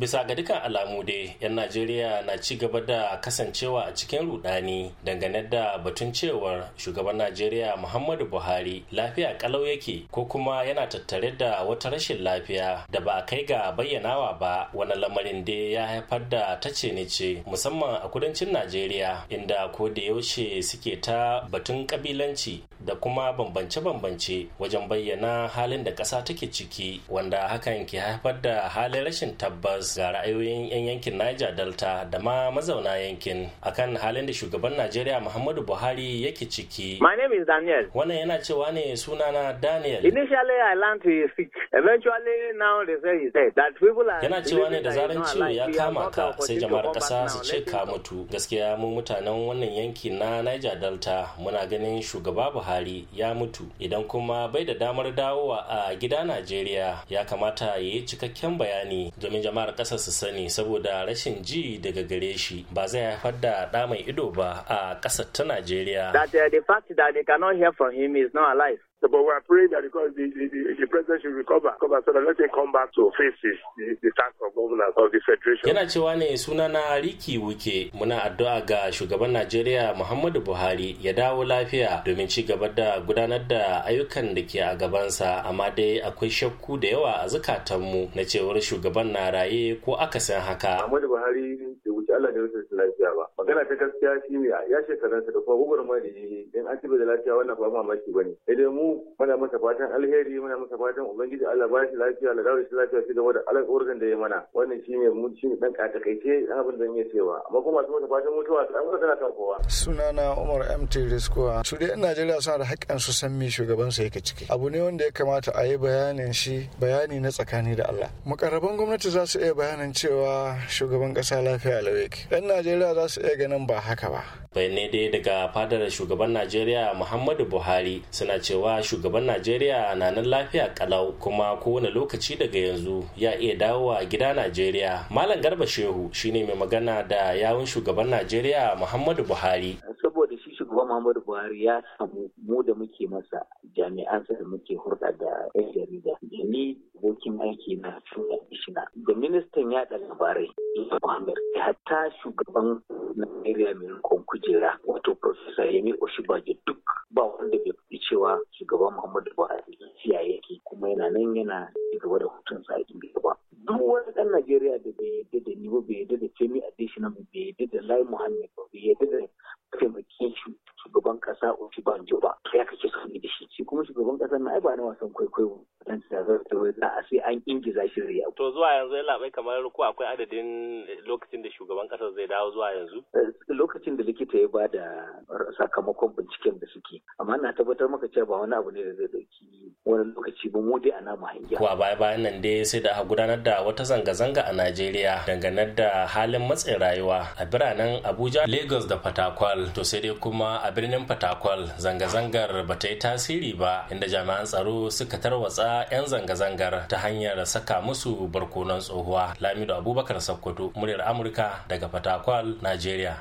bisa ga dukkan alamu dai yan najeriya na ci gaba da kasancewa a cikin rudani dangane da batun cewar shugaban najeriya muhammadu buhari lafiya kalau yake ko kuma yana tattare da wata rashin lafiya da ba a kai ga bayyanawa ba wani lamarin dai ya haifar da ta ce ni ce musamman a kudancin najeriya inda ko da yaushe suke ta batun kabilanci da kuma bambance-bambance wajen bayyana halin da ƙasa take ciki wanda hakan ke haifar da halin rashin tabbas ga ra'ayoyin 'yan yankin Niger Delta da ma mazauna yankin akan halin da shugaban Najeriya Muhammadu Buhari yake ciki. My name is Daniel. Wannan yana cewa ne sunana Daniel. Initially I learned to speak. Eventually now they say is dead. That people are Yana cewa ne da zaran ciwo ya kama ka sai jama'ar ƙasa su ce ka mutu. Gaskiya mu mutanen wannan yanki na Niger Delta muna ganin shugaba Buhari ya mutu idan kuma bai da damar dawowa a gida Najeriya ya kamata ya yi cikakken bayani domin jama'ar ƙasa su sani saboda rashin ji daga gare shi ba zai haifar da ɗa mai ido ba a ƙasar ta Najeriya. That uh, the fact that they cannot hear from him is not alive. but we are praying that because the, the, the, president should recover, recover so that let him come back to face his, the, the task of governance of the federation. Yana cewa ne sunana Riki Wuke muna addu'a ga shugaban Najeriya Muhammadu Buhari ya dawo lafiya domin ci gaba da gudanar da ayyukan da ke a gabansa amma dai akwai shakku da yawa a zukatanmu na cewar shugaban na raye ko akasin haka. Muhammadu Buhari roƙi Allah da rashin lafiya ba magana ta gaskiya shi ne ya da kuma gwagwarmaya da jini in an ci da lafiya wannan ba mamaki ba ne Idan mu muna masa fatan alheri muna masa fatan ubangiji Allah ba shi lafiya da dawo shi lafiya shi gaba da alƙawarin da ya mana wannan shi ne mu shi dan katakaice abin da cewa amma kuma masu masa fatan mutuwa ta amma tana kan kowa sunana Umar MT Riskuwa su dai Najeriya suna da haƙƙin su san me shugaban ya yake ciki abu ne wanda ya kamata a yi bayanin shi bayani na tsakani da Allah mukarraban gwamnati za su iya bayanin cewa shugaban ƙasa lafiya rhetoric. yan najeriya za su iya ganin ba haka ba bayanai dai daga fadar shugaban najeriya muhammadu buhari suna cewa shugaban najeriya na nan lafiya kalau kuma kowane lokaci daga yanzu ya iya dawo dawowa gida najeriya malam garba shehu shine mai magana da yawun shugaban najeriya muhammadu buhari saboda shi shugaban muhammadu buhari ya samu mu da muke masa jami'ansa da muke hurɗa da 'yan jarida ni abokin aiki na suna ishina da ministan yada labarai Muhammad hatta shugaban nigeria mai rinkon kujera wato professor Yemi oshibaji duk ba wanda bai fi cewa shugaban Muhammadu Buhari siya yake kuma yana nan yana gaba da hutunsa a gindi ba. Duk wani dan nigeria da bai yadda da ni ba bai yadda da Femi Adesina ba bai yadda da Lai Muhammad ba bai yadda da taimakin shugaban kasa oshibaji ba. Ya kake son da shi. kuma shugaban kasa na ai ba na wasan kwaikwayo. ɗan za a sai an ingiza shirya. To zuwa yanzu ya labai kamar ko akwai adadin lokacin da shugaban ƙasar zai dawo zuwa yanzu? Eh, lokacin da likita ya ba da sakamakon binciken da suke. Amma na tabbatar maka cewa ba wani abu ne da zai ɗauki wani lokaci ba mu dai a namu hangiya. baya bayan nan dai sai da aka gudanar da wata zanga-zanga a Najeriya dangane da halin matsin rayuwa a biranen Abuja, Lagos da Fatakwal. To sai dai kuma a birnin Fatakwal zanga-zangar ba ta yi tasiri ba inda jami'an tsaro suka tarwatsa 'yan zanga-zangar ta hanyar saka musu barkonon tsohuwa. Lamido Abubakar Sokoto, muryar Amurka daga Fatakwal, Najeriya.